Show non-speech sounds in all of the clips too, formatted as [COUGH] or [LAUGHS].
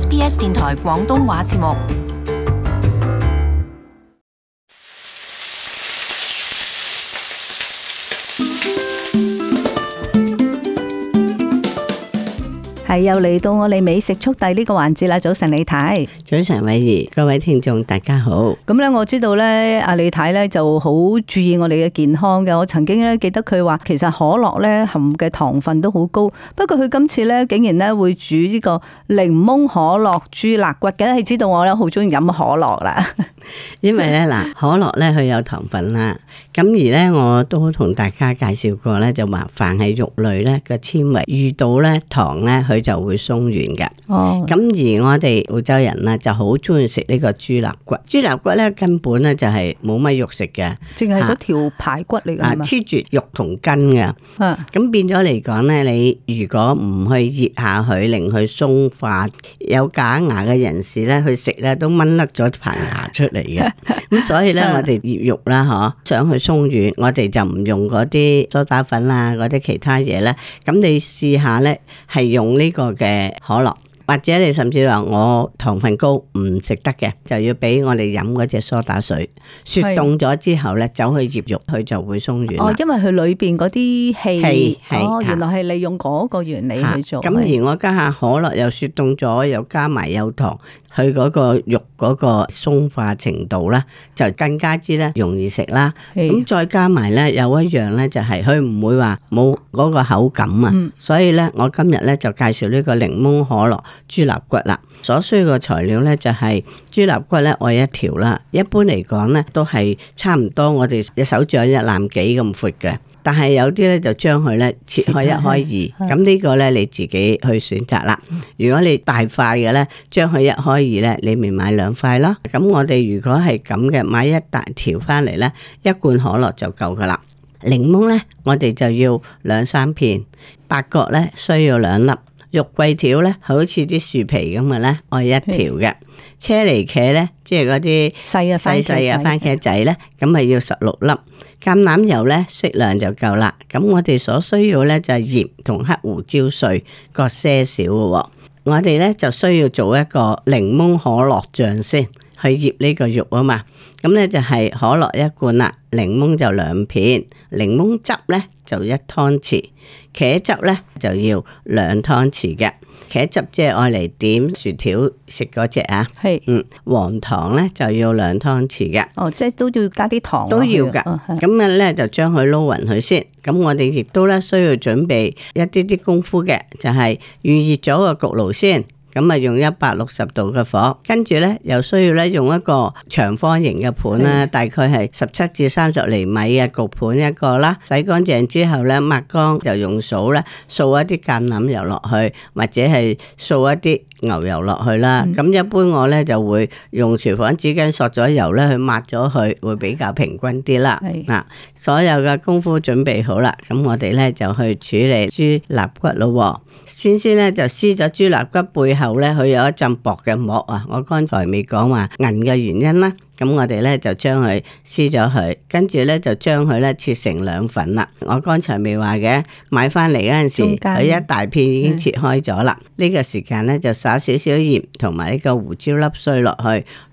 SBS 電台廣東話節目。係又嚟到我哋美食速遞呢個環節啦！早晨，李太，早晨，偉兒，各位聽眾大家好。咁咧，我知道咧，阿李太咧就好注意我哋嘅健康嘅。我曾經咧記得佢話，其實可樂咧含嘅糖分都好高。不過佢今次咧竟然咧會煮呢個檸檬可樂豬肋骨嘅，你知道我咧好中意飲可樂啦。 [LAUGHS] 因為咧，嗱，可樂咧佢有糖分啦，咁而咧我都同大家介紹過咧，就凡係肉類咧個纖維遇到咧糖咧，佢就會鬆軟嘅。哦，咁而我哋澳洲人咧就好中意食呢個豬肋骨，豬肋骨咧根本咧就係冇乜肉食嘅，淨係嗰條排骨嚟嘅。黐住肉同筋嘅。啊，咁、啊、變咗嚟講咧，你如果唔去熱下佢，令佢鬆化，有假牙嘅人士咧去食咧，都掹甩咗排牙出嚟。嚟嘅，咁 [LAUGHS] 所以咧，我哋醃肉啦，嗬、啊，想去鬆軟，我哋就唔用嗰啲梳打粉啊，嗰啲其他嘢咧。咁你試下咧，係用呢個嘅可樂，或者你甚至話我糖分高唔食得嘅，就要俾我哋飲嗰隻梳打水，雪凍咗之後咧，走去醃肉，佢就會鬆軟。哦，因為佢裏邊嗰啲氣，是哦，是原來係利用嗰個原理去做。咁而我加下可樂又雪凍咗，又加埋有糖。佢嗰個肉嗰個鬆化程度啦，就更加之咧容易食啦。咁的再加埋咧有一樣咧就係佢唔會話冇嗰個口感啊。嗯、所以咧，我今日咧就介紹呢個檸檬可樂豬肋骨啦。所需嘅材料咧就係豬肋骨咧，我一條啦。一般嚟講咧都係差唔多我哋隻手掌一攬幾咁闊嘅。但係有啲咧就將佢咧切開一開二，咁呢個咧你自己去選擇啦。如果你大塊嘅咧，將佢一開二咧，你咪買兩塊咯。咁我哋如果係咁嘅，買一大條翻嚟咧，一罐可樂就夠噶啦。檸檬咧，我哋就要兩三片；八角咧，需要兩粒；肉桂條咧，好似啲樹皮咁嘅咧，我要一條嘅；的車厘茄咧。即係嗰啲細細嘅番茄仔咧，咁咪要十六粒。橄欖油咧，適量就夠啦。咁我哋所需要咧就係鹽同黑胡椒碎各些少嘅。我哋咧就需要做一個檸檬可樂醬先去醃呢個肉啊嘛。咁咧就係可樂一罐啦，檸檬就兩片，檸檬汁呢就一湯匙，茄汁呢就要兩湯匙嘅，茄汁即係我嚟點薯條食嗰隻啊，是嗯，黃糖呢就要兩湯匙嘅，哦，即係都要加啲糖啊，都要㗎，咁啊咧就將佢撈勻佢先，咁我哋亦都咧需要準備一啲啲功夫嘅，就係、是、預熱咗個焗爐先。咁啊，用一百六十度嘅火，跟住呢又需要呢用一個長方形嘅盤啦，的大概係十七至三十厘米嘅焗盤一個啦，洗乾淨之後呢，抹乾，就用掃啦，掃一啲橄欖油落去，或者係掃一啲。牛油落去啦，咁、嗯、一般我呢就會用廚房紙巾索咗油呢去抹咗佢，會比較平均啲啦。嗱是，所有嘅功夫準備好啦，咁我哋呢就去處理豬肋骨咯。先先呢就撕咗豬肋骨背後呢佢有一陣薄嘅膜啊，我剛才未講話銀嘅原因啦。咁我哋咧就將佢撕咗佢，跟住咧就將佢切成兩份啦。我剛才未話嘅，買翻嚟嗰陣時候，佢間一大片已經切開咗啦。呢、嗯、個時間咧就撒少少鹽同埋呢個胡椒粒碎落去，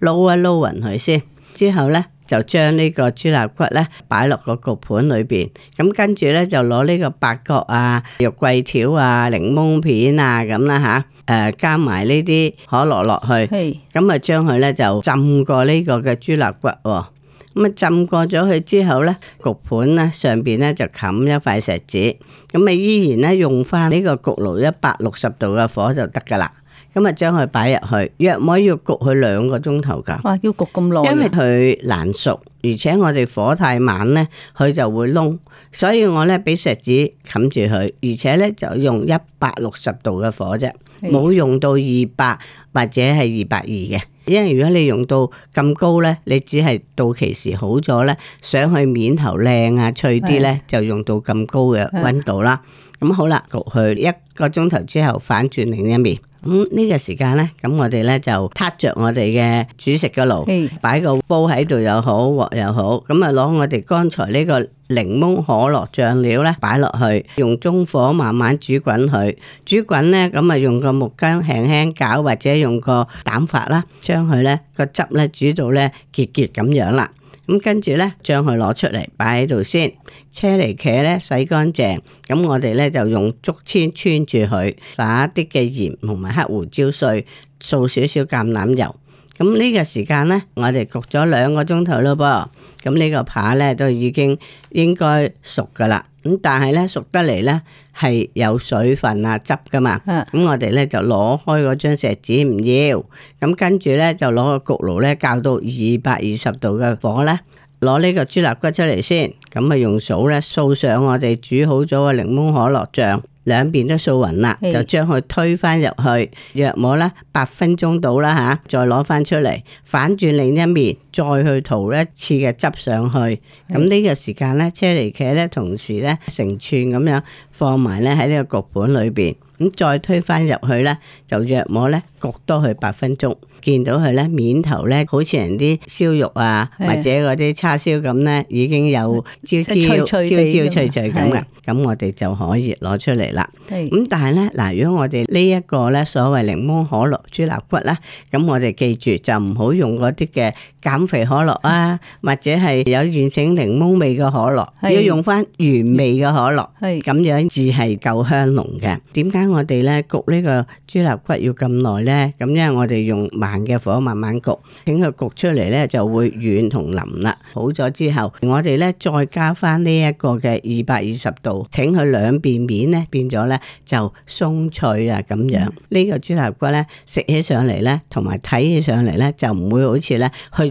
撈一撈匀佢先，之後咧。就將呢個豬肋骨咧擺落個焗盤裏邊，咁跟住咧就攞呢個八角啊、肉桂條啊、檸檬片啊咁啦吓，誒、啊、加埋呢啲可樂落去，咁啊將佢咧就浸過呢個嘅豬肋骨，咁、嗯、啊浸過咗佢之後咧，焗盤咧上邊咧就冚一塊錫紙，咁啊依然咧用翻呢個焗爐一百六十度嘅火就得噶啦。咁啊，將佢擺入去，約摸要焗佢兩個鐘頭㗎。哇，要焗咁耐？因為佢難熟，而且我哋火太猛呢，佢就會燶。所以我呢，俾石子冚住佢，而且呢，就用一百六十度嘅火啫。冇用到二百或者係二百二嘅，因為如果你用到咁高咧，你只係到期時好咗咧，想去面頭靚啊、脆啲咧，就用到咁高嘅溫度啦。咁好啦，焗佢一個鐘頭之後反轉另一面。咁呢個時間咧，咁我哋咧就撻着我哋嘅煮食嘅爐，擺個煲喺度又好，鑊又好。咁啊攞我哋剛才呢個檸檬可樂醬料咧，擺落去，用中火慢慢煮滾佢。煮滾咧，咁啊用個。木羹輕輕攪，或者用個蛋拂啦，將佢呢個汁呢煮到呢杰杰咁樣啦。咁跟住呢，將佢攞出嚟擺喺度先。車厘茄呢，洗乾淨，咁我哋呢，就用竹籤穿住佢，撒啲嘅鹽同埋黑胡椒碎，掃少少橄欖油。咁呢個時間呢，我哋焗咗兩個鐘頭咯噃，咁、這、呢個扒呢，都已經應該熟噶啦。咁但係呢，熟得嚟呢，係有水分啊汁噶嘛。咁 [LAUGHS] 我哋呢，就攞開嗰張錫紙唔要，咁跟住呢，就攞個焗爐呢，校到二百二十度嘅火呢，攞呢個豬肋骨出嚟先，咁啊用掃呢掃上我哋煮好咗嘅檸檬可樂醬。兩邊都掃勻啦，的就將佢推返入去，約莫咧八分鐘到啦嚇，再攞返出嚟，反轉另一面，再去塗一次嘅汁上去。咁呢的個時間咧，車厘茄咧同時咧成串咁樣放埋咧喺呢個焗盤裏邊。咁再推翻入去咧，就約我咧焗多佢八分鐘，見到佢咧面頭咧好似人啲燒肉啊或者嗰啲叉燒咁咧，已經有焦焦焦焦脆脆咁嘅，咁我哋就可以攞出嚟啦。咁但係咧嗱，如果我哋呢一個咧所謂檸檬可樂豬肋骨啦，咁我哋記住就唔好用嗰啲嘅。減肥可樂啊，或者係有原整檸檬味嘅可樂，要用翻原味嘅可樂，係咁樣至係夠香濃嘅。點解我哋咧焗呢個豬肋骨要咁耐咧？咁因為我哋用慢嘅火慢慢焗，等佢焗出嚟咧就會軟同腍啦。好咗之後，我哋咧再加翻呢一個嘅二百二十度，等佢兩邊面咧變咗咧就鬆脆啊咁樣。呢個豬肋骨咧食起上嚟咧，同埋睇起上嚟咧就唔會好似咧去。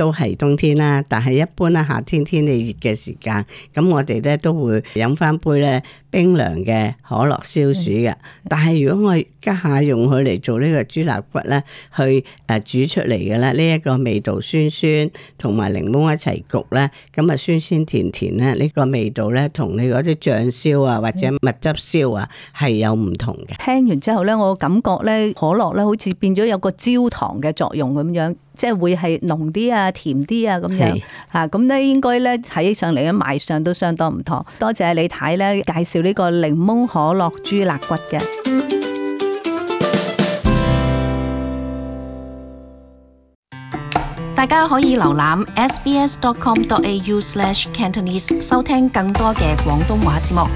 都係冬天啦，但係一般咧夏天天氣熱嘅時間，咁我哋咧都會飲翻杯咧冰涼嘅可樂消暑嘅。但係如果我家下用佢嚟做呢個豬肋骨咧，去誒煮出嚟嘅啦，呢一個味道酸酸，同埋檸檬一齊焗咧，咁啊酸酸甜甜咧，呢個味道咧同你嗰啲醬燒啊或者蜜汁燒啊係有唔同嘅。聽完之後咧，我感覺咧可樂咧好似變咗有個焦糖嘅作用咁樣。即係會係濃啲啊、甜啲啊咁樣嚇，咁咧應該咧睇上嚟咧賣相都相當唔錯。多謝李太咧介紹呢個檸檬可樂豬肋骨嘅，大家可以瀏覽 sbs.com.au/cantonese 收聽更多嘅廣東話節目。